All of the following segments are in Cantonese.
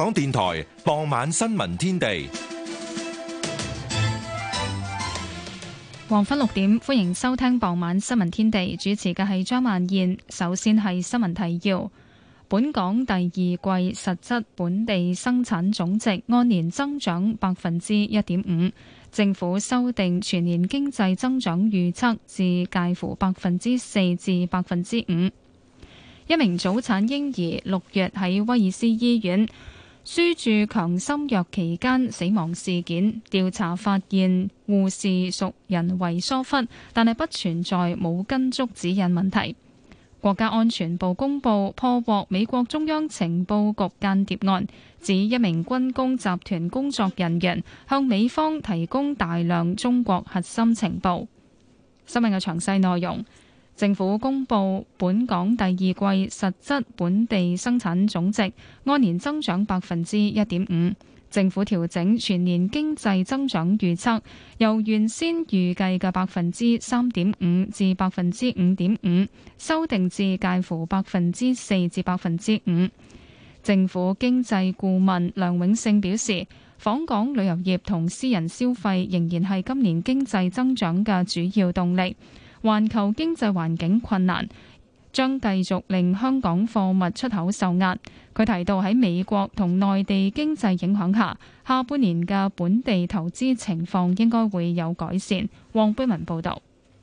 港電台傍晚新聞天地，黃昏六點歡迎收聽傍晚新聞天地。主持嘅係張曼燕。首先係新聞提要：本港第二季實質本地生產總值按年增長百分之一點五。政府修訂全年經濟增長預測至介乎百分之四至百分之五。一名早產嬰兒六月喺威爾斯醫院輸注強心藥期間死亡事件，調查發現護士屬人為疏忽，但係不存在冇跟足指引問題。國家安全部公布破獲美國中央情報局間諜案，指一名軍工集團工作人員向美方提供大量中國核心情報。新聞嘅詳細內容。政府公布本港第二季實質本地生產總值按年增長百分之一點五。政府調整全年經濟增長預測，由原先預計嘅百分之三點五至百分之五點五，修訂至介乎百分之四至百分之五。政府經濟顧問梁永勝表示，訪港旅遊業同私人消費仍然係今年經濟增長嘅主要動力。環球經濟環境困難，將繼續令香港貨物出口受壓。佢提到喺美國同內地經濟影響下，下半年嘅本地投資情況應該會有改善。黃貝文報導。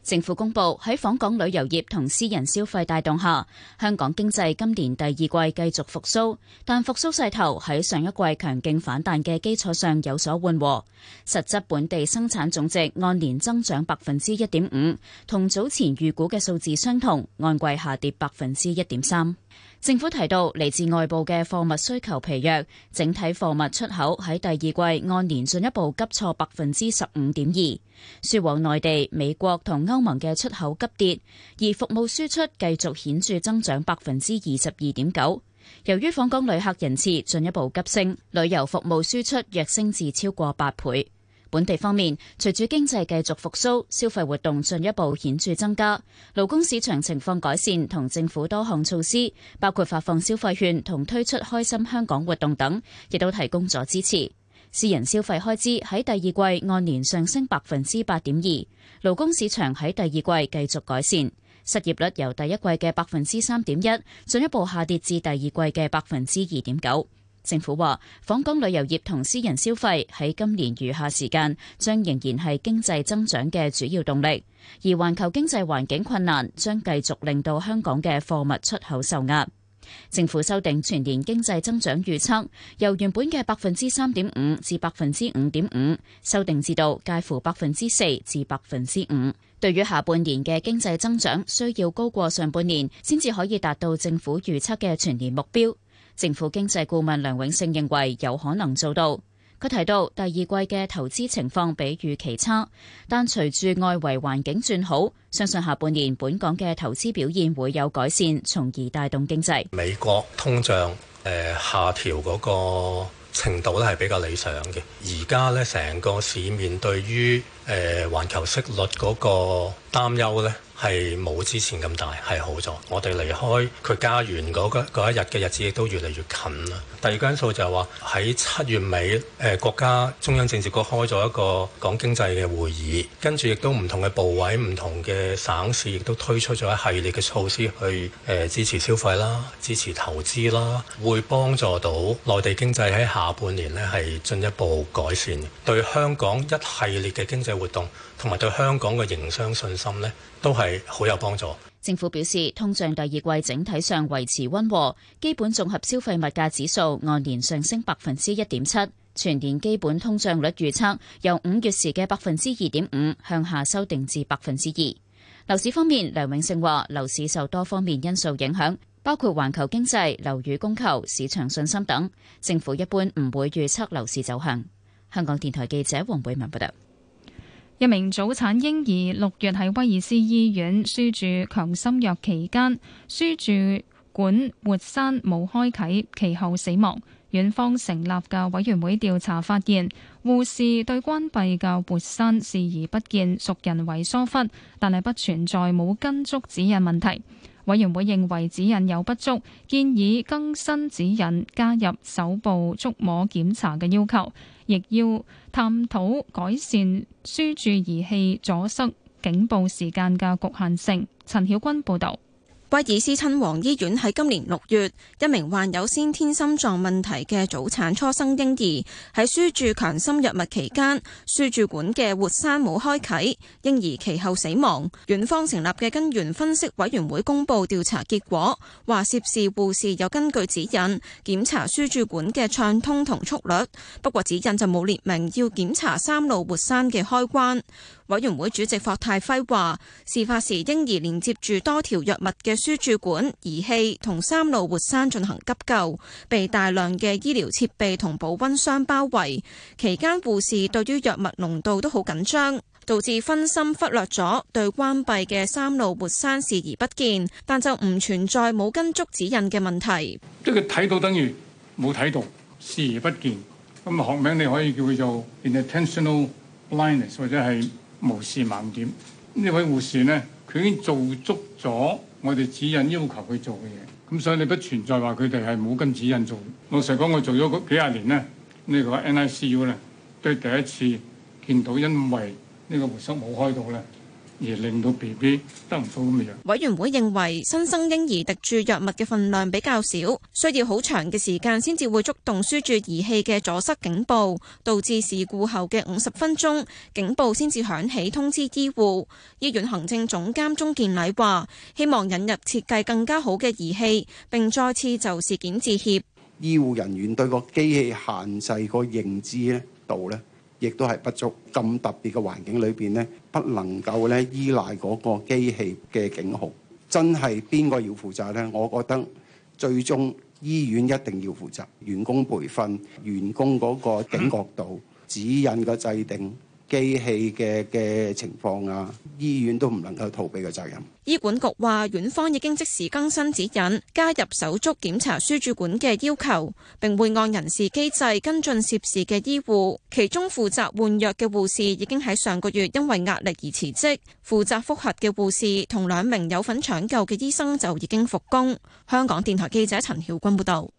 政府公布喺訪港旅遊業同私人消費帶動下，香港經濟今年第二季繼續復蘇，但復蘇勢頭喺上一季強勁反彈嘅基礎上有所緩和。實質本地生產總值按年增長百分之一點五，同早前預估嘅數字相同，按季下跌百分之一點三。政府提到，嚟自外部嘅貨物需求疲弱，整體貨物出口喺第二季按年進一步急挫百分之十五點二。輸往內地、美國同歐盟嘅出口急跌，而服務輸出繼續顯著增長百分之二十二點九。由於訪港旅客人次進一步急升，旅遊服務輸出躍升至超過八倍。本地方面，隨住經濟繼續復甦，消費活動進一步顯著增加。勞工市場情況改善，同政府多項措施，包括發放消費券同推出開心香港活動等，亦都提供咗支持。私人消費開支喺第二季按年上升百分之八點二。勞工市場喺第二季繼續改善，失業率由第一季嘅百分之三點一進一步下跌至第二季嘅百分之二點九。政府話，訪港旅遊業同私人消費喺今年餘下時間將仍然係經濟增長嘅主要動力，而環球經濟環境困難將繼續令到香港嘅貨物出口受壓。政府修訂全年經濟增長預測，由原本嘅百分之三點五至百分之五點五，修訂至到介乎百分之四至百分之五。對於下半年嘅經濟增長，需要高過上半年先至可以達到政府預測嘅全年目標。政府經濟顧問梁永勝認為有可能做到。佢提到第二季嘅投資情況比預期差，但隨住外圍環境轉好，相信下半年本港嘅投資表現會有改善，從而帶動經濟。美國通脹誒下調嗰個程度咧係比較理想嘅。而家咧成個市面對於誒環球息率嗰個擔憂咧。係冇之前咁大，係好咗。我哋離開佢家園嗰一日嘅日子，亦都越嚟越近啦。第二個因素就係話喺七月尾，誒、呃、國家中央政治局開咗一個講經濟嘅會議，跟住亦都唔同嘅部委、唔同嘅省市亦都推出咗一系列嘅措施去誒、呃、支持消費啦、支持投資啦，會幫助到內地經濟喺下半年呢，係進一步改善，對香港一系列嘅經濟活動同埋對香港嘅營商信心呢，都係好有幫助。政府表示，通脹第二季整體上維持溫和，基本綜合消費物價指數按年上升百分之一點七，全年基本通脹率預測由五月時嘅百分之二點五向下修訂至百分之二。樓市方面，梁永勝話樓市受多方面因素影響，包括環球經濟、樓宇供求、市場信心等。政府一般唔會預測樓市走向。香港電台記者黃慧文報道。一名早產嬰兒六月喺威爾斯醫院輸注強心藥期間，輸注管活塞冇開啓，其後死亡。院方成立嘅委員會調查發現，護士對關閉嘅活塞視而不見，屬人為疏忽，但係不存在冇跟足指引問題。委員會認為指引有不足，建議更新指引，加入手部觸摸檢查嘅要求，亦要探討改善輸注儀器阻塞警報時間嘅局限性。陳曉君報道。威爾斯親王醫院喺今年六月，一名患有先天心臟問題嘅早產初生嬰兒喺輸注強心藥物期間，輸注管嘅活塞冇開啟，嬰兒其後死亡。院方成立嘅根源分析委員會公布調查結果，話涉事護士有根據指引檢查輸注管嘅暢通同速率，不過指引就冇列明要檢查三路活塞嘅開關。委員會主席霍泰輝話，事發時嬰兒連接住多條藥物嘅輸注管儀器同三路活栓進行急救，被大量嘅醫療設備同保溫箱包圍。期間護士對於藥物濃度都好緊張，導致分心忽略咗對關閉嘅三路活栓視而不見。但就唔存在冇跟足指引嘅問題。即係佢睇到等於冇睇到，視而不見。咁學名你可以叫佢做 inattentional blindness，或者係。無視盲點，呢位護士呢，佢已經做足咗我哋指引要求佢做嘅嘢，咁所以你不存在話佢哋係冇跟指引做。老實講，我做咗嗰幾廿年呢，呢個 NICU 呢，都係第一次見到因為呢個護生冇開到咧。而令到 B B 得唔到咁樣。委員會認為新生嬰兒滴注藥物嘅份量比較少，需要好長嘅時間先至會觸動輸注儀器嘅阻塞警報，導致事故後嘅五十分鐘警報先至響起通知醫護。醫院行政總監鍾健禮話希望引入設計更加好嘅儀器，並再次就事件致歉。醫護人員對個機器限制個認知呢度咧，亦都係不足，咁特別嘅環境裏面呢，不能夠呢，依賴嗰個機器嘅警號，真係邊個要負責呢？我覺得最終醫院一定要負責，員工培訓、員工嗰個警覺度、指引嘅制定。機器嘅嘅情況啊，醫院都唔能夠逃避嘅責任。醫管局話，院方已經即時更新指引，加入手足檢查輸注管嘅要求，並會按人事機制跟進涉事嘅醫護。其中負責換藥嘅護士已經喺上個月因為壓力而辭職，負責覆核嘅護士同兩名有份搶救嘅醫生就已經復工。香港電台記者陳曉君報導。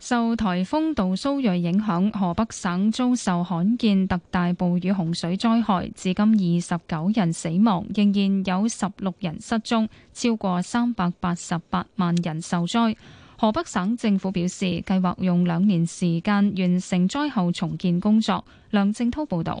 受颱風杜蘇芮影響，河北省遭受罕見特大暴雨洪水災害，至今二十九人死亡，仍然有十六人失蹤，超過三百八十八萬人受災。河北省政府表示，計劃用兩年時間完成災後重建工作。梁正濤報道。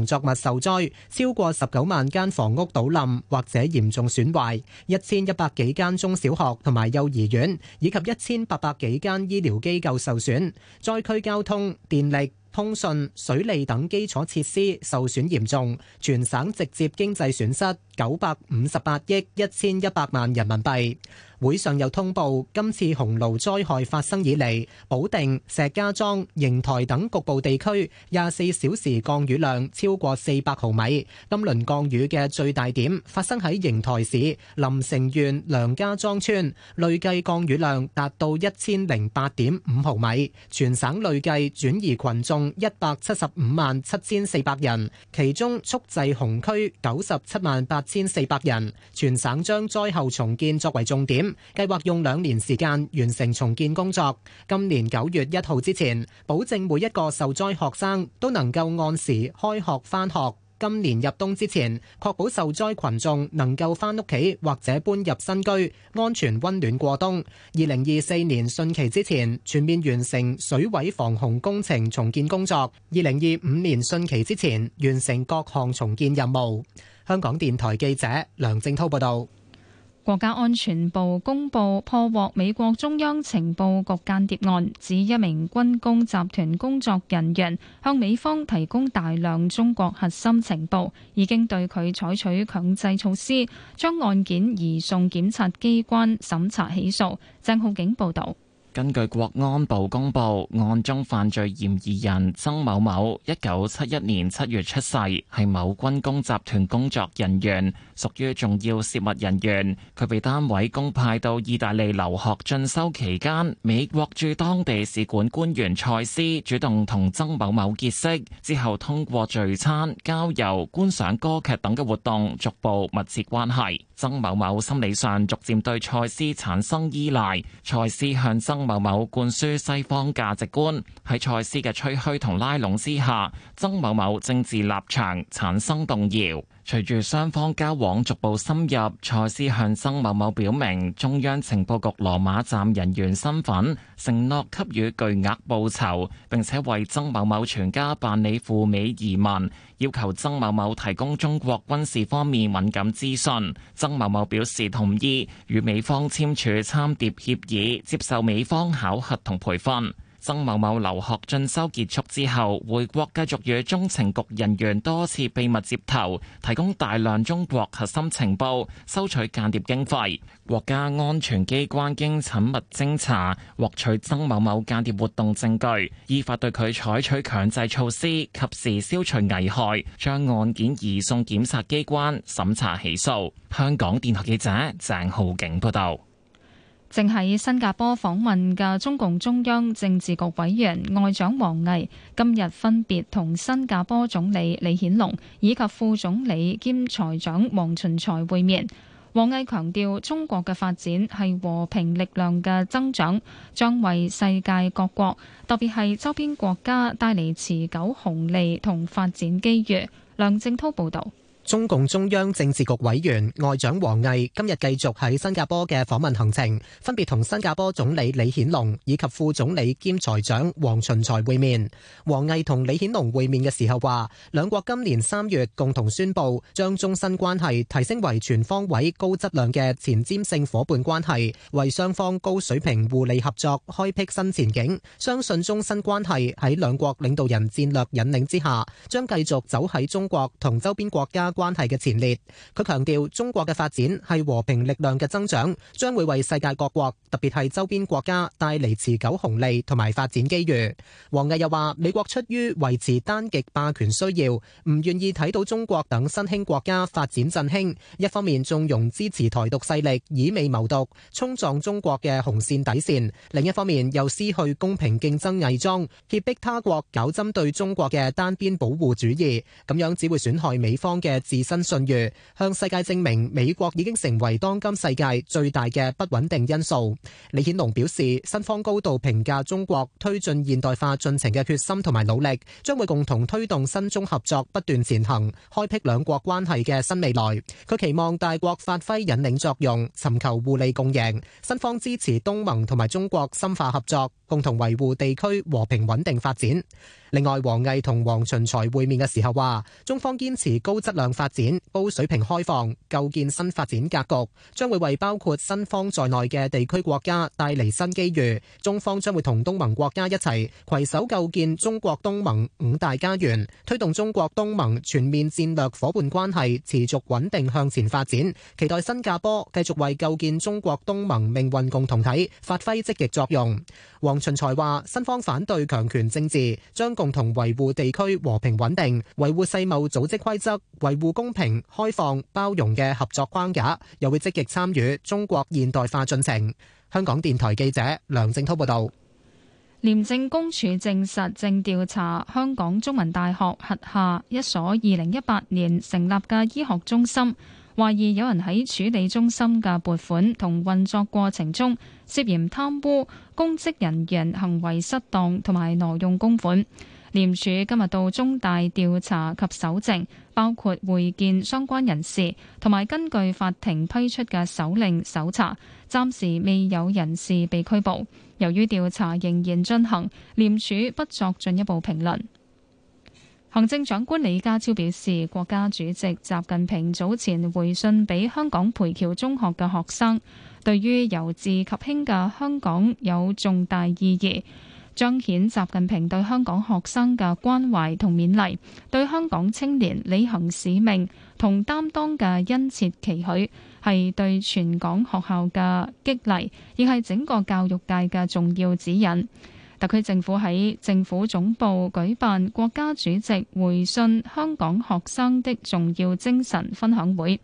農作物受災，超過十九萬間房屋倒冧或者嚴重損壞，一千一百幾間中小學同埋幼兒園以及一千八百幾間醫療機構受損，災區交通、電力、通訊、水利等基礎設施受損嚴重，全省直接經濟損失九百五十八億一千一百萬人民幣。會上又通報，今次洪澇災害發生以嚟，保定、石家莊、邢台等局部地區廿四小時降雨量超過四百毫米。今輪降雨嘅最大點發生喺邢台市臨城縣梁家莊村，累計降雨量達到一千零八點五毫米。全省累計轉移群眾一百七十五萬七千四百人，其中蓄滯洪區九十七萬八千四百人，全省將災後重建作為重點，計劃用兩年時間完成重建工作。今年九月一號之前，保證每一個受災學生都能夠按時開學翻學。今年入冬之前，確保受災群眾能夠翻屋企或者搬入新居，安全温暖過冬。二零二四年汛期之前，全面完成水位防洪工程重建工作。二零二五年汛期之前，完成各項重建任務。香港電台記者梁正濤報道，國家安全部公布破獲美國中央情報局間諜案，指一名軍工集團工作人員向美方提供大量中國核心情報，已經對佢採取強制措施，將案件移送檢察機關審查起訴。鄭浩景報道。根據國安部公布，案中犯罪嫌疑人曾某某，一九七一年七月出世，係某軍工集團工作人員，屬於重要涉密人員。佢被單位公派到意大利留學進修期間，美國駐當地使館官員蔡司主動同曾某某結識，之後通過聚餐、郊遊、觀賞歌劇等嘅活動，逐步密切關係。曾某某心理上逐漸對蔡司產生依賴，蔡司向曾某某灌輸西方價值觀。喺蔡司嘅吹噓同拉攏之下，曾某某政治立場產生動搖。隨住雙方交往逐步深入，蔡斯向曾某某表明中央情報局羅馬站人員身份，承諾給予巨額報酬，並且為曾某某全家辦理赴美移民，要求曾某某提供中國軍事方面敏感資訊。曾某某表示同意與美方簽署參諜協議，接受美方考核同培訓。曾某某留學進修結束之後回國繼續與中情局人員多次秘密接頭，提供大量中國核心情報，收取間諜經費。國家安全機關經縝密偵查，獲取曾某某間諜活動證據，依法對佢採取強制措施，及時消除危害，將案件移送檢察機關審查起訴。香港電台記者鄭浩景報道。正喺新加坡訪問嘅中共中央政治局委員外長王毅，今日分別同新加坡總理李顯龍以及副總理兼財長黃循財會面。王毅強調，中國嘅發展係和平力量嘅增長，將為世界各國，特別係周邊國家，帶嚟持久紅利同發展機遇。梁正滔報道。中共中央政治局委員外長王毅今日繼續喺新加坡嘅訪問行程，分別同新加坡總理李顯龍以及副總理兼財長黃循財會面。王毅同李顯龍會面嘅時候話，兩國今年三月共同宣布將中新關係提升為全方位高質量嘅前瞻性伙伴關係，為雙方高水平互利合作開闢新前景。相信中新關係喺兩國領導人戰略引領之下，將繼續走喺中國同周邊國家。關係嘅前列，佢強調中國嘅發展係和平力量嘅增長，將會為世界各國，特別係周邊國家帶嚟持久紅利同埋發展機遇。王毅又話，美國出於維持單極霸權需要，唔願意睇到中國等新興國家發展振興，一方面縱容支持台獨勢力以美謀獨，衝撞中國嘅紅綫底綫；另一方面又失去公平競爭偽裝，脅迫他國搞針對中國嘅單邊保護主義，咁樣只會損害美方嘅。自身信譽，向世界證明美國已經成為當今世界最大嘅不穩定因素。李顯龍表示，新方高度評價中國推進現代化進程嘅決心同埋努力，將會共同推動新中合作不斷前行，開闢兩國關係嘅新未來。佢期望大國發揮引領作用，尋求互利共贏。新方支持東盟同埋中國深化合作，共同維護地區和平穩定發展。另外，王毅同黃循財會面嘅時候話，中方堅持高質量。發展高水平開放，構建新發展格局，將會為包括新方在內嘅地區國家帶嚟新機遇。中方將會同東盟國家一齊攜手構建中國東盟五大家園，推動中國東盟全面戰略夥伴關係持續穩定向前發展。期待新加坡繼續為構建中國東盟命運共同體發揮積極作用。黃循財話：新方反對強權政治，將共同維護地區和平穩定，維護世貿組織規則，維。互公平、開放、包容嘅合作框架，又會積極參與中國現代化進程。香港電台記者梁正濤報導。廉政公署證實正調查香港中文大學轄下一所二零一八年成立嘅醫學中心，懷疑有人喺處理中心嘅撥款同運作過程中涉嫌貪污、公職人員行為失當同埋挪用公款。廉署今日到中大調查及搜證，包括會見相關人士，同埋根據法庭批出嘅搜令搜查，暫時未有人士被拘捕。由於調查仍然進行，廉署不作進一步評論。行政長官李家超表示，國家主席習近平早前回信俾香港培僑中學嘅學生，對於由治及興嘅香港有重大意義。彰顯習近平對香港學生嘅關懷同勉勵，對香港青年履行使命同擔當嘅殷切期許，係對全港學校嘅激勵，亦係整個教育界嘅重要指引。特區政府喺政府總部舉辦國家主席回信香港學生的重要精神分享會，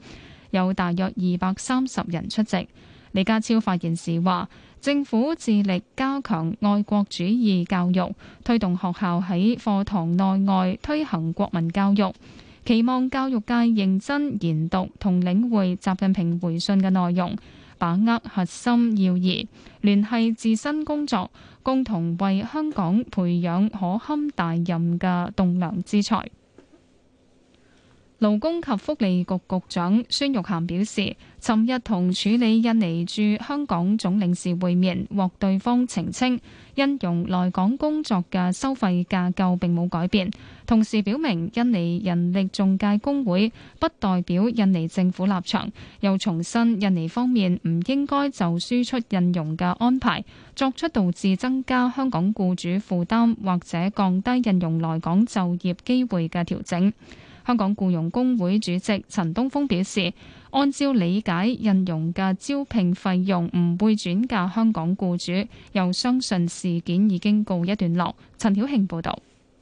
有大約二百三十人出席。李家超發言時話。政府致力加強愛國主義教育，推動學校喺課堂內外推行國民教育，期望教育界認真研讀同領會習近平回信嘅內容，把握核心要義，聯繫自身工作，共同為香港培養可堪大任嘅棟樑之才。勞工及福利局局長孫玉菡表示，尋日同處理印尼駐香港總領事會面，獲對方澄清，印傭來港工作嘅收費架構並冇改變。同時，表明印尼人力仲介工會不代表印尼政府立場，又重申印尼方面唔應該就輸出印傭嘅安排作出導致增加香港僱主負擔或者降低印傭來港就業機會嘅調整。香港僱傭工會主席陳東峰表示，按照理解，印傭嘅招聘費用唔會轉嫁香港僱主，又相信事件已經告一段落。陳曉慶報道。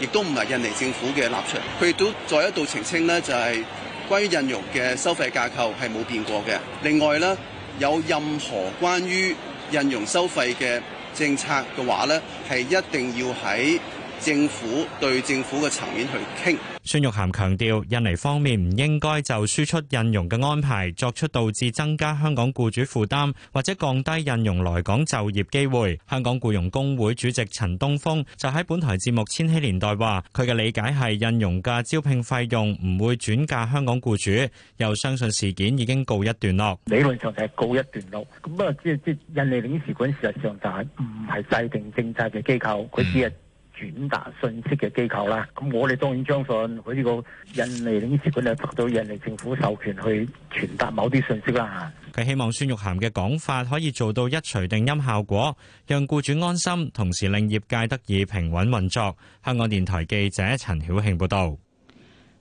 亦都唔係印尼政府嘅立場，佢亦都再一度澄清呢，就係關於印尼嘅收費架構係冇變過嘅。另外呢，有任何關於印尼收費嘅政策嘅話呢係一定要喺政府對政府嘅層面去傾，孫玉菡強調，印尼方面唔應該就輸出印傭嘅安排作出導致增加香港僱主負擔，或者降低印傭來港就業機會。香港僱傭公會主席陳東峰就喺本台節目《千禧年代》話，佢嘅理解係印傭嘅招聘費用唔會轉嫁香港僱主，又相信事件已經告一段落。理論上係告一段落，咁不過，即係即係印尼領事館事實上就係唔係制定政策嘅機構，佢只係。傳達信息嘅機構啦，咁我哋當然相信佢呢個印尼領事館係得到印尼政府授權去傳達某啲信息啦。佢希望孫玉菡嘅講法可以做到一錘定音效果，讓僱主安心，同時令業界得以平穩運作。香港電台記者陳曉慶報道。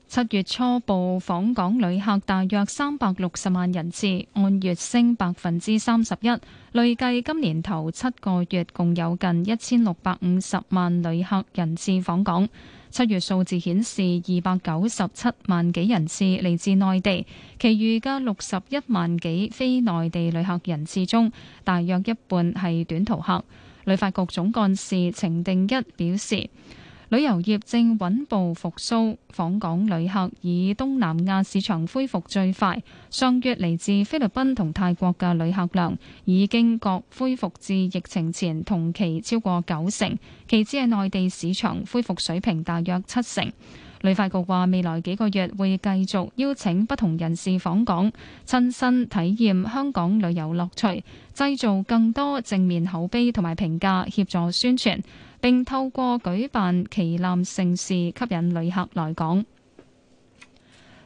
七月初步訪港旅客大約三百六十萬人次，按月升百分之三十一。累計今年頭七個月共有近一千六百五十萬旅客人次訪港。七月數字顯示二百九十七萬幾人次嚟自內地，其餘嘅六十一萬幾非內地旅客人次中，大約一半係短途客。旅發局總幹事程定一表示。旅遊業正穩步復甦，訪港旅客以東南亞市場恢復最快。上月嚟自菲律賓同泰國嘅旅客量已經各恢復至疫情前同期超過九成，其次係內地市場恢復水平大約七成。旅發局話，未來幾個月會繼續邀請不同人士訪港，親身體驗香港旅遊樂趣，製造更多正面口碑同埋評價，協助宣傳。並透過舉辦旗艦盛事吸引旅客來港。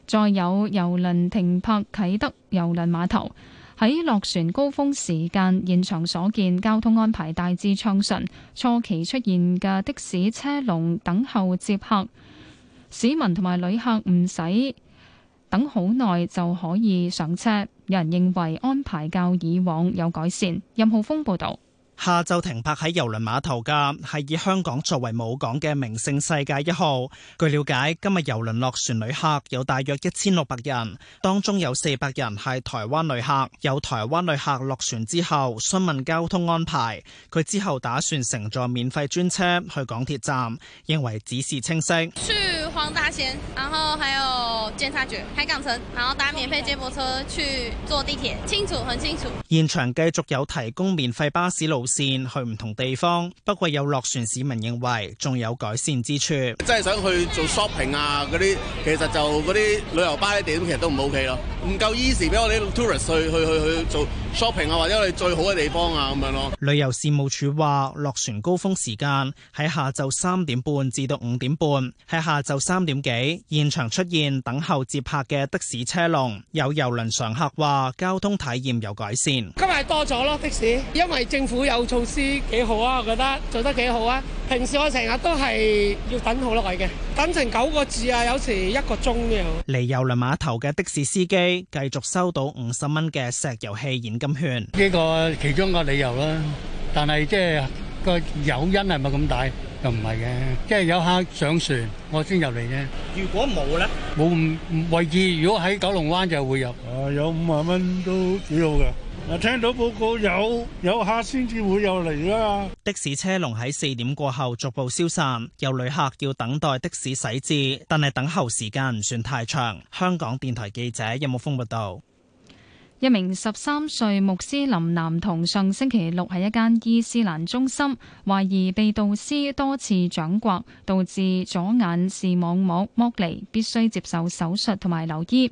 再有郵輪停泊啟德郵輪碼頭，喺落船高峰時間，現場所見交通安排大致暢順，初期出現嘅的的士車龍等候接客，市民同埋旅客唔使等好耐就可以上車。有人認為安排較以往有改善。任浩峰報導。下晝停泊喺郵輪碼頭嘅係以香港作為母港嘅名勝世界一號。據了解，今日郵輪落船旅客有大約一千六百人，當中有四百人係台灣旅客。有台灣旅客落船之後詢問交通安排，佢之後打算乘坐免費專車去港鐵站，認為指示清晰。黃大仙，然後還有監察局、海港城，然後搭免費接駁車去坐地鐵。清楚，很清楚。現場繼續有提供免費巴士路線去唔同地方，不過有落船市民認為仲有改善之處。真係想去做 shopping 啊，嗰啲其實就嗰啲旅遊巴啲地點，其實都唔 ok 咯，唔夠 easy 俾我哋 tourist 去去去去做 shopping 啊，或者我哋最好嘅地方啊咁樣咯。旅遊事務署話，落船高峰時間喺下晝三點半至到五點半，喺下晝。三點幾，現場出現等候接客嘅的，的士車龍，有遊輪常客話交通體驗有改善。今日多咗咯，的士，因為政府有措施，幾好啊，我覺得做得幾好啊。平時我成日都係要等好耐嘅，等成九個字啊，有時一個鐘都有。嚟遊輪碼頭嘅的，的士司機繼續收到五十蚊嘅石油氣現金券，呢個其中一個理由啦。但係即係。個誘因係咪咁大？又唔係嘅，即係有客上船，我先入嚟嘅。如果冇咧，冇位置。如果喺九龍灣就會入。啊，有五萬蚊都幾好嘅。啊，聽到報告有有客先至會入嚟啦。的士車龍喺四點過後逐步消散，有旅客要等待的士駛至，但係等候時間唔算太長。香港電台記者任木風報道。一名十三歲穆斯林男童上星期六喺一間伊斯蘭中心，懷疑被導師多次掌摑，導致左眼視網膜剝離，必須接受手術同埋留醫。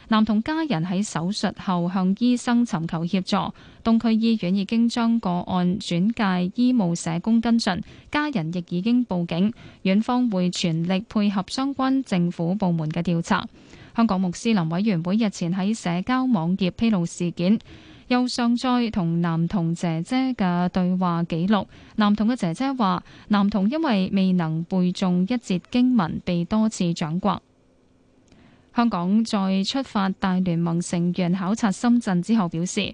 男童家人喺手術後向醫生尋求協助，東區醫院已經將個案轉介醫務社工跟進，家人亦已經報警，院方會全力配合相關政府部門嘅調查。香港穆斯林委員會日前喺社交網頁披露事件，又上載同男童姐姐嘅對話記錄。男童嘅姐姐話：男童因為未能背誦一節經文，被多次掌摑。香港再出發大聯盟成員考察深圳之後表示，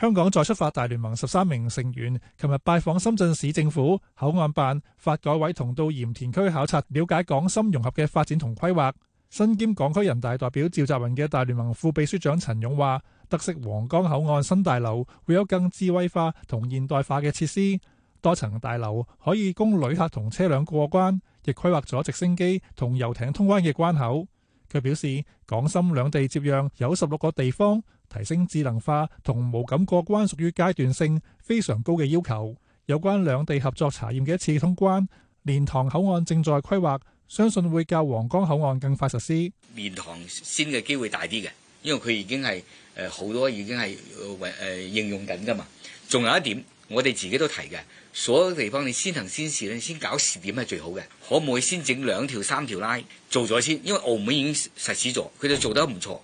香港再出發大聯盟十三名成員琴日拜訪深圳市政府口岸辦、發改委，同到鹽田區考察，了解港深融合嘅發展同規劃。身兼港區人大代表召集人嘅大聯盟副秘書長陳勇話，特色皇崗口岸新大樓會有更智慧化同現代化嘅設施，多層大樓可以供旅客同車輛過關，亦規劃咗直升機同遊艇通關嘅關口。佢表示，港深兩地接壤有十六個地方。提升智能化同無感過關屬於階段性非常高嘅要求。有關兩地合作查驗嘅一次通關，蓮塘口岸正在規劃，相信會較皇崗口岸更快實施。蓮塘先嘅機會大啲嘅，因為佢已經係誒好多已經係誒、呃呃、應用緊噶嘛。仲有一點，我哋自己都提嘅，所有地方你先行先試你先搞試點係最好嘅。可唔可以先整兩條三條拉做咗先？因為澳門已經實施咗，佢哋做得唔錯。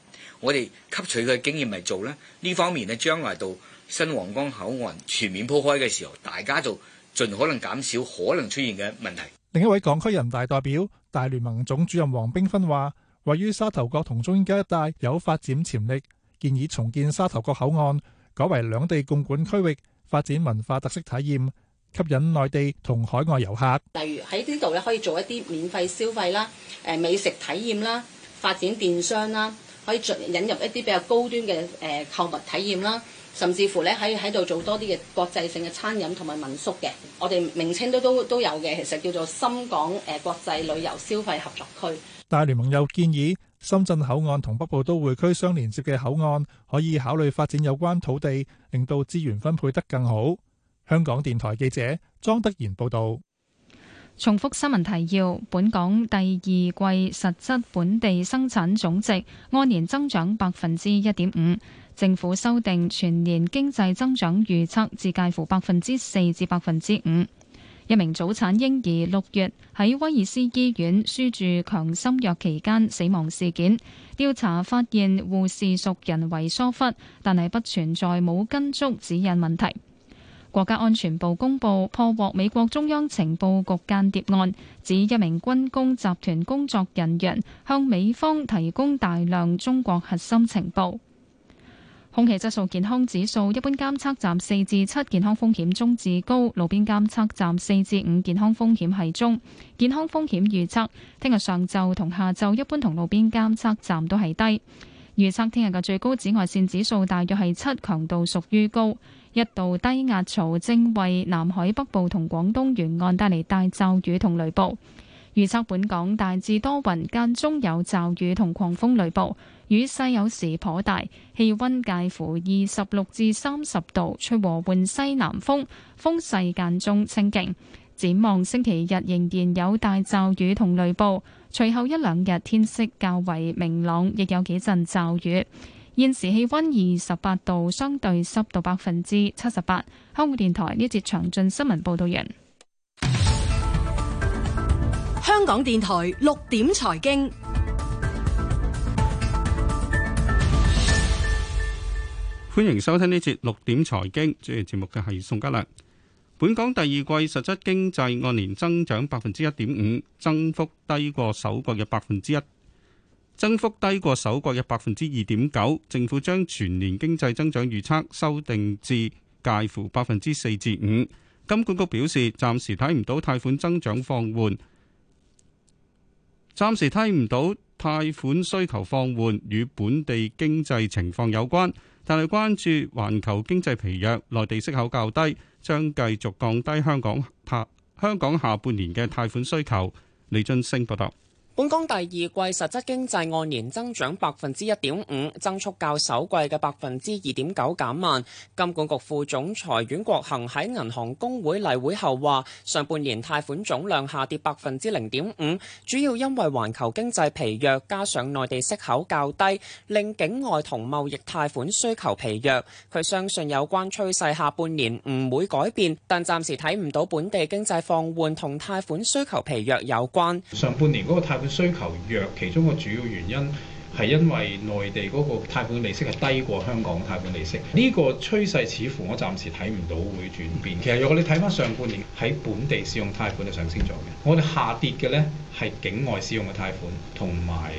我哋吸取佢嘅經驗，嚟做咧呢方面咧。將來到新皇崗口岸全面鋪開嘅時候，大家就盡可能減少可能出現嘅問題。另一位港區人大代表、大聯盟總主任黃冰芬話，位於沙頭角同中英街一帶有發展潛力，建議重建沙頭角口岸，改為兩地共管區域，發展文化特色體驗，吸引內地同海外遊客。例如喺呢度咧，可以做一啲免費消費啦、誒美食體驗啦、發展電商啦。可以進引入一啲比較高端嘅誒購物體驗啦，甚至乎咧可以喺度做多啲嘅國際性嘅餐飲同埋民宿嘅。我哋名稱都都都有嘅，其實叫做深港誒國際旅遊消費合作區。大聯盟又建議深圳口岸同北部都會區相連接嘅口岸可以考慮發展有關土地，令到資源分配得更好。香港電台記者莊德賢報導。重複新聞提要：本港第二季實質本地生產總值按年增長百分之一點五。政府修訂全年經濟增長預測至介乎百分之四至百分之五。一名早產嬰兒六月喺威爾斯醫院輸住強心藥期間死亡事件，調查發現護士屬人為疏忽，但係不存在冇跟足指引問題。國家安全部公布破獲美國中央情報局間諜案，指一名軍工集團工作人員向美方提供大量中國核心情報。空氣質素健康指數，一般監測站四至七健康風險中至高，路邊監測站四至五健康風險係中。健康風險預測，聽日上晝同下晝一般同路邊監測站都係低。預測聽日嘅最高紫外線指數大約係七，強度屬於高。一度低壓槽正為南海北部同廣東沿岸帶嚟大驟雨同雷暴，預測本港大致多雲，間中有驟雨同狂風雷暴，雨勢有時頗大，氣温介乎二十六至三十度，吹和緩西南風，風勢間中清勁。展望星期日仍然有大驟雨同雷暴，隨後一兩日天色較為明朗，亦有幾陣驟雨。現時氣溫二十八度，相對濕度百分之七十八。香港電台呢節詳盡新聞報道人。香港電台六點財經，財經歡迎收聽呢節六點財經。主持節目嘅係宋家良。本港第二季實質經濟按年增長百分之一點五，增幅低過首季嘅百分之一。增幅低過首季嘅百分之二點九，政府將全年經濟增長預測修訂至介乎百分之四至五。金管局表示，暫時睇唔到貸款增長放緩，暫時睇唔到貸款需求放緩，與本地經濟情況有關。但係關注環球經濟疲弱，內地息口較低，將繼續降低香港下香港下半年嘅貸款需求。李俊升報道。本港第二季實質經濟按年增長百分之一點五，增速較首季嘅百分之二點九減慢。金管局副總裁阮國恆喺銀行公會例會後話：上半年貸款總量下跌百分之零點五，主要因為環球經濟疲弱，加上內地息口較低，令境外同貿易貸款需求疲弱。佢相信有關趨勢下半年唔會改變，但暫時睇唔到本地經濟放緩同貸款需求疲弱有關。上半年嗰個貸款需求弱，其中個主要原因係因為內地嗰個貸款利息係低過香港貸款利息。呢個趨勢似乎我暫時睇唔到會轉變。其實如果你睇返上半年喺本地使用貸款就上升咗嘅，我哋下跌嘅呢係境外使用嘅貸款同埋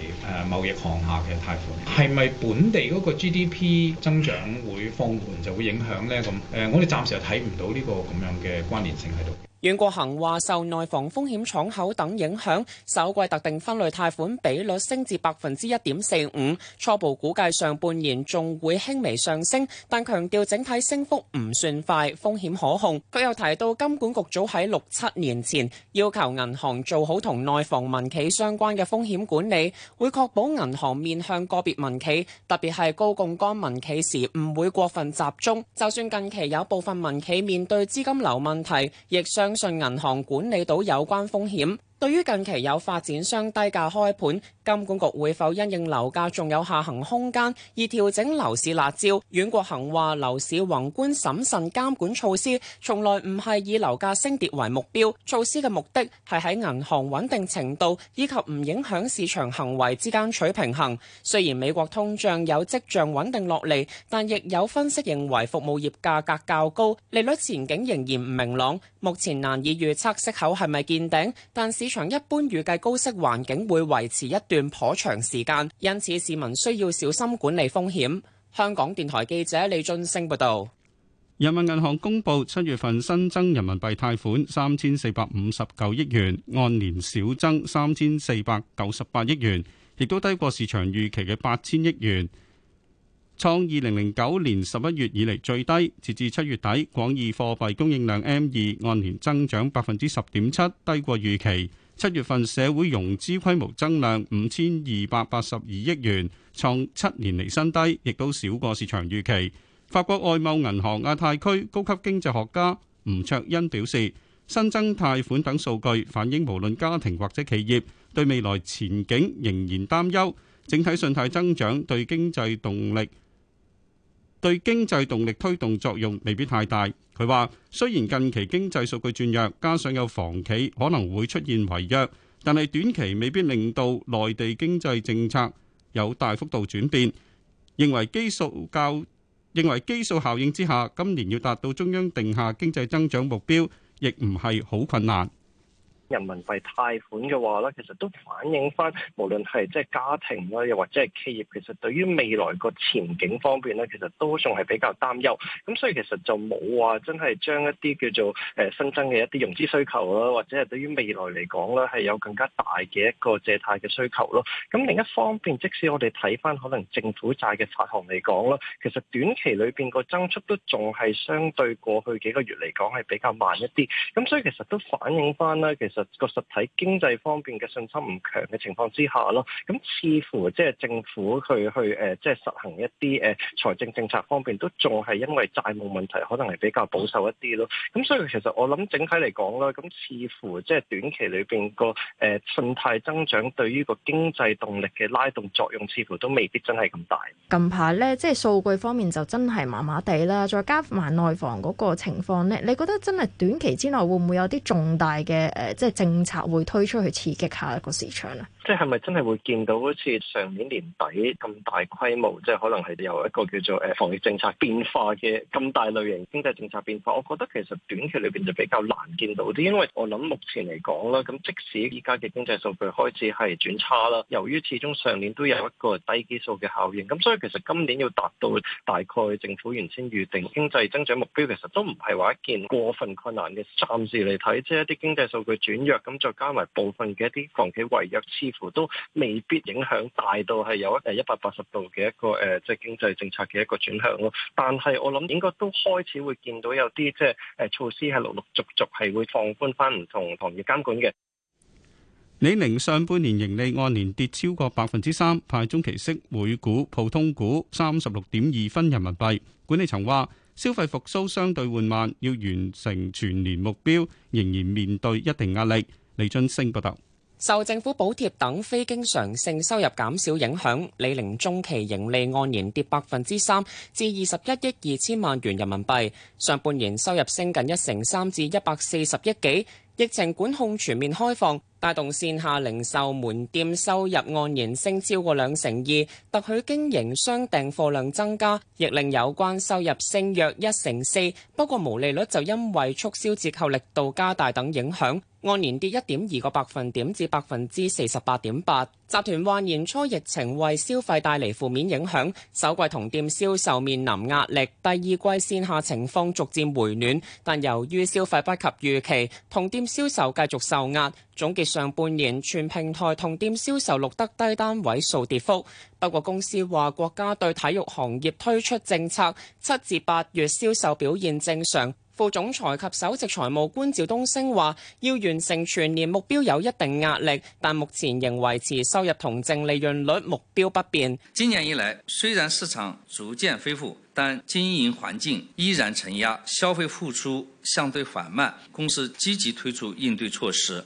誒貿易項下嘅貸款。係咪本地嗰個 GDP 增長會放緩就會影響呢？咁誒，我哋暫時又睇唔到呢個咁樣嘅關聯性喺度。阮國恒話：受內房風險敞口等影響，首季特定分類貸款比率升至百分之一點四五，初步估計上半年仲會輕微上升，但強調整體升幅唔算快，風險可控。佢又提到，金管局早喺六七年前要求銀行做好同內房民企相關嘅風險管理，會確保銀行面向個別民企，特別係高槓桿民企時唔會過分集中。就算近期有部分民企面對資金流問題，亦上。信銀行管理到有關風險。對於近期有發展商低價開盤，金管局會否因應樓價仲有下行空間而調整樓市辣招？阮國恆話：樓市宏觀審慎監管措施從來唔係以樓價升跌為目標，措施嘅目的係喺銀行穩定程度以及唔影響市場行為之間取平衡。雖然美國通脹有跡象穩定落嚟，但亦有分析認為服務業價格較高，利率前景仍然唔明朗。目前難以預測息，息口係咪見頂，但市場。一般預計高息環境會維持一段頗長時間，因此市民需要小心管理風險。香港電台記者李俊升報導。人民銀行公布七月份新增人民幣貸款三千四百五十九億元，按年少增三千四百九十八億元，亦都低過市場預期嘅八千億元，創二零零九年十一月以嚟最低。截至七月底，廣義貨幣供應量 M2 按年增長百分之十點七，低過預期。七月份社會融資規模增量五千二百八十二億元，創七年嚟新低，亦都少過市場預期。法國外貿銀行亞太區高級經濟學家吳卓恩表示，新增貸款等數據反映無論家庭或者企業對未來前景仍然擔憂，整體信貸增長對經濟動力。對經濟動力推動作用未必太大。佢話雖然近期經濟數據轉弱，加上有房企可能會出現違約，但係短期未必令到內地經濟政策有大幅度轉變。認為基數較認為基數效應之下，今年要達到中央定下經濟增長目標，亦唔係好困難。人民幣貸款嘅話咧，其實都反映翻，無論係即係家庭啦，又或者係企業，其實對於未來個前景方面咧，其實都仲係比較擔憂。咁所以其實就冇話真係將一啲叫做誒、呃、新增嘅一啲融資需求啦，或者係對於未來嚟講咧，係有更加大嘅一個借貸嘅需求咯。咁另一方面，即使我哋睇翻可能政府債嘅發行嚟講咧，其實短期裏邊個增速都仲係相對過去幾個月嚟講係比較慢一啲。咁所以其實都反映翻啦。其實實個實體經濟方面嘅信心唔強嘅情況之下咯，咁似乎即係政府去去誒，即、呃、係、就是、實行一啲誒財政政策方面都仲係因為債務問題，可能係比較保守一啲咯。咁所以其實我諗整體嚟講咧，咁似乎即係短期裏邊個誒信貸增長對於個經濟動力嘅拉動作用，似乎都未必真係咁大。近排咧，即係數據方面就真係麻麻地啦，再加埋內房嗰個情況咧，你覺得真係短期之內會唔會有啲重大嘅誒？呃即係政策會推出去刺激下一個市場啊，即係係咪真係會見到好似上年年底咁大規模，即係可能係有一個叫做誒防疫政策變化嘅咁大類型經濟政策變化？我覺得其實短期裏邊就比較難見到啲，因為我諗目前嚟講啦，咁即使依家嘅經濟數據開始係轉差啦，由於始終上年都有一個低基數嘅效應，咁所以其實今年要達到大概政府原先預定經濟增長目標，其實都唔係話一件過分困難嘅。暫時嚟睇，即係一啲經濟數據轉軟弱咁，再加埋部分嘅一啲房企違約，似乎都未必影響大到係有一誒、一百八十度嘅一個誒，即係經濟政策嘅一個轉向咯。但係我諗應該都開始會見到有啲即係誒，措施係陸陸續續係會放寬翻唔同行業監管嘅。李寧上半年盈利按年跌超過百分之三，派中期息每股普通股三十六點二分人民幣。管理層話。消費復甦相對緩慢，要完成全年目標仍然面對一定壓力。李津升報道，受政府補貼等非經常性收入減少影響，李寧中期盈利按年跌百分之三，至二十一億二千萬元人民幣。上半年收入升近一成三，至一百四十億幾。疫情管控全面開放，帶動線下零售門店收入按年升超過兩成二，特許經營商訂貨量增加，亦令有關收入升約一成四。不過毛利率就因為促銷折扣力度加大等影響，按年跌一點二個百分點至百分之四十八點八。集團話年初疫情為消費帶嚟負面影響，首季同店銷售面臨壓力。第二季線下情況逐漸回暖，但由於消費不及預期，同店銷售繼續受壓。總結。上半年全平台同店銷售錄得低單位數跌幅，不過公司話國家對體育行業推出政策，七至八月銷售表現正常。副總裁及首席財務官趙東升話：要完成全年目標有一定壓力，但目前仍維持收入同淨利潤率目標不變。今年以來，雖然市場逐漸恢復，但經營環境依然承壓，消費付出相對緩慢。公司積極推出應對措施。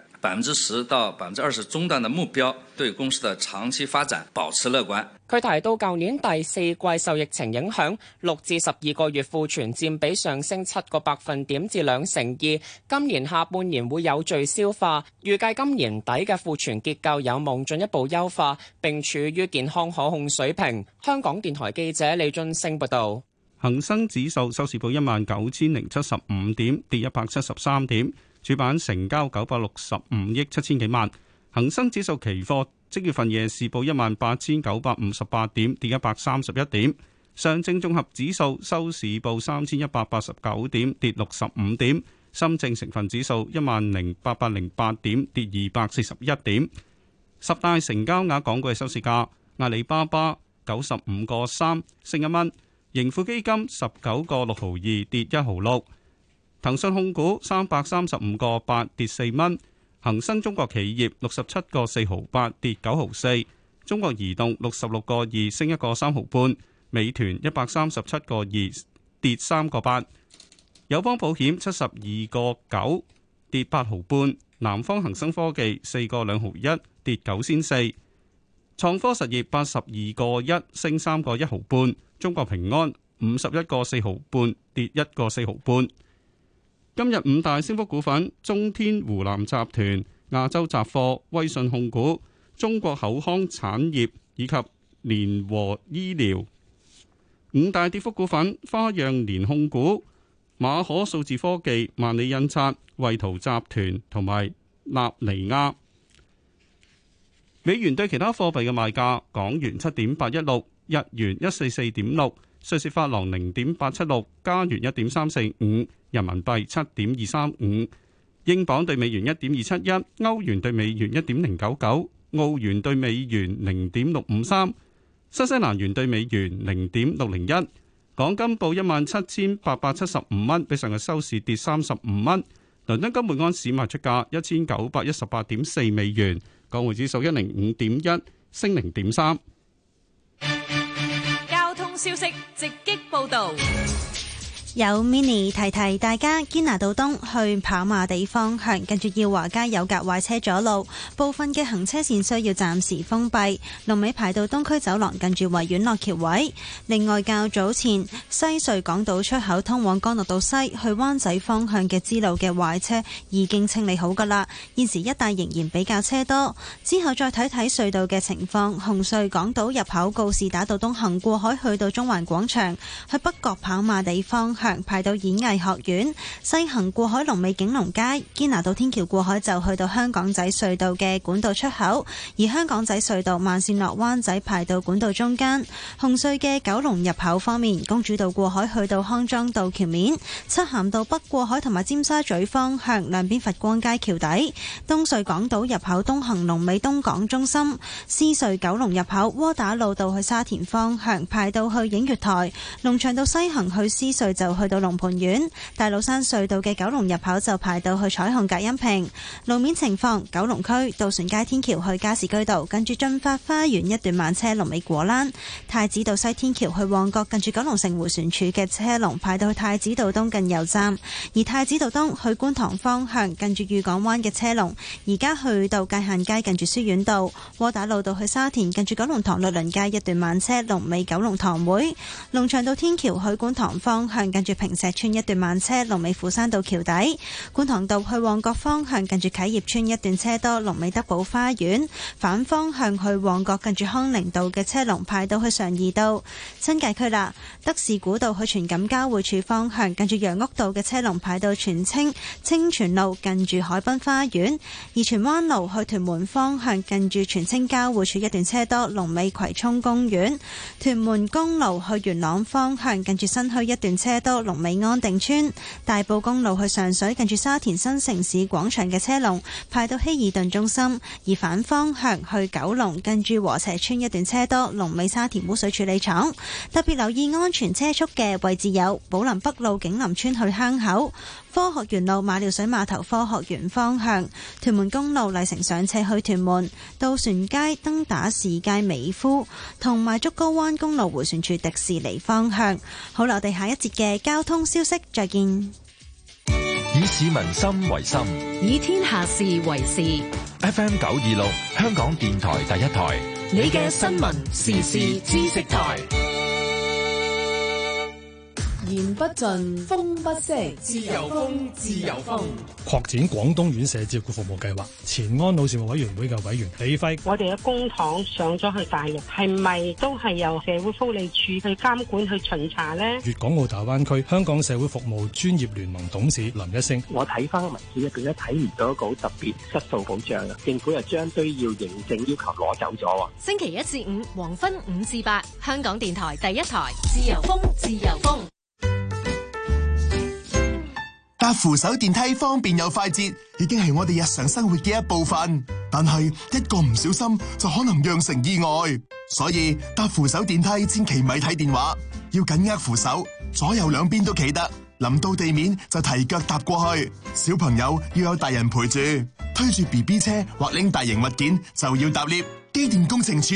百分之十到百分之二十中段的目標，對公司的長期發展保持樂觀。佢提到，舊年第四季受疫情影響，六至十二個月庫存佔比上升七個百分點至兩成二。今年下半年會有序消化，預計今年底嘅庫存結構有望進一步優化，並處於健康可控水平。香港電台記者李俊升報道。恒生指數收市報一萬九千零七十五點，跌一百七十三點。主板成交九百六十五億七千幾萬，恒生指數期貨即月份夜市報一萬八千九百五十八點，跌一百三十一點。上證綜合指數收市報三千一百八十九點，跌六十五點。深證成分指數一萬零八百零八點，跌二百四十一點。十大成交額港股嘅收市價，阿里巴巴九十五個三升一蚊，盈富基金十九個六毫二，跌一毫六。騰訊控股三百三十五個八跌四蚊，恒生中國企業六十七個四毫八跌九毫四，中國移動六十六個二升一個三毫半，美團一百三十七個二跌三個八，友邦保險七十二個九跌八毫半，南方恒生科技四個兩毫一跌九仙四，創科實業八十二個一升三個一毫半，中國平安五十一個四毫半跌一個四毫半。今日五大升幅股份：中天湖南集團、亞洲雜貨、威信控股、中國口腔產業以及聯和醫療。五大跌幅股份：花樣年控股、馬可數字科技、萬里印刷、惠圖集團同埋納尼亞。美元對其他貨幣嘅賣價：港元七點八一六，日元一四四點六，瑞士法郎零點八七六，加元一點三四五。人民幣七點二三五，英鎊兌美元一點二七一，歐元兌美元一點零九九，澳元兌美元零點六五三，新西蘭元兌美元零點六零一。港金報一萬七千八百七十五蚊，比上日收市跌三十五蚊。倫敦金每盎司賣出價一千九百一十八點四美元，港匯指數一零五點一，升零點三。交通消息直擊報道。有 mini 提提大家，堅拿道東去跑馬地方向，近住耀華街有架壞車阻路，部分嘅行車線需要暫時封閉，龍尾排到東區走廊近住維園落橋位。另外較早前西隧港島出口通往干諾道西去灣仔方向嘅支路嘅壞車已經清理好噶啦，現時一帶仍然比較車多。之後再睇睇隧道嘅情況，紅隧港島入口告士打道東行過海去到中環廣場，去北角跑馬地方。排到演藝學院，西行過海龍尾景隆街，堅拿道天橋過海就去到香港仔隧道嘅管道出口，而香港仔隧道慢線落灣仔排到管道中間。紅隧嘅九龍入口方面，公主道過海去到康莊道橋面，漆咸道北過海同埋尖沙咀方向兩邊佛光街橋底。東隧港島入口東行龍尾東港中心，獅隧九龍入口窩打老道去沙田方向排到去映月台，龍翔道西行去獅隧就。去到龍蟠苑、大老山隧道嘅九龍入口就排到去彩虹隔音屏，路面情況，九龍區渡船街天橋去加士居道，跟住駿發花園一段慢車龍尾果欄；太子道西天橋去旺角，近住九龍城迴旋處嘅車龍排到去太子道東近油站；而太子道東去觀塘方向，近住御港灣嘅車龍，而家去到界限街近住書院道、窩打老道去沙田，近住九龍塘樂鄰街一段慢車龍尾九龍塘會；龍翔道天橋去觀塘方向嘅。近住坪石邨一段慢車，龍尾虎山道橋底；觀塘道去旺角方向，近住啟業邨一段車多，龍尾德寶花園。反方向去旺角，近住康寧道嘅車龍排到去上怡道，新界區啦。德士古道去荃錦交匯處方向，近住楊屋道嘅車龍排到全清清泉路，近住海濱花園。而荃灣路去屯門方向，近住全清交匯處一段車多，龍尾葵涌公園。屯門公路去元朗方向，近住新墟一段車多，到龍尾安定村、大埔公路去上水，近住沙田新城市廣場嘅車龍排到希爾頓中心，而反方向去九龍，近住禾輋村一段車多，龍尾沙田污水處理廠。特別留意安全車速嘅位置有寶林北路景林村去坑口。科學園路馬料水碼頭科學園方向，屯門公路麗城上車去屯門，渡船街登打士街美孚同埋竹篙灣公路回旋處迪士尼方向，好啦，我哋下一節嘅交通消息再見。以市民心為心，以天下事為事。F M 九二六，香港電台第一台，你嘅新聞時事知識台。言不盡，風不息。自由風，自由風。擴展廣東院舍照顧服務計劃。前安老事務委員會嘅委員李輝，我哋嘅公帑上咗去大陸，係咪都係由社會福利署去監管去巡查呢？粵港澳大灣區香港社會服務專業聯盟董事林一星，我睇返個文件入邊咧，睇唔到一個好特別質素保障啊！政府又將需要認證要求攞走咗。星期一至五，黃昏五至八，香港電台第一台，自由風，自由風。搭扶手電梯方便又快捷，已經係我哋日常生活嘅一部分。但係一個唔小心就可能釀成意外，所以搭扶手電梯千祈咪睇電話，要緊握扶手，左右兩邊都企得。臨到地面就提腳踏過去。小朋友要有大人陪住，推住 BB 車或拎大型物件就要搭 lift。機電工程處。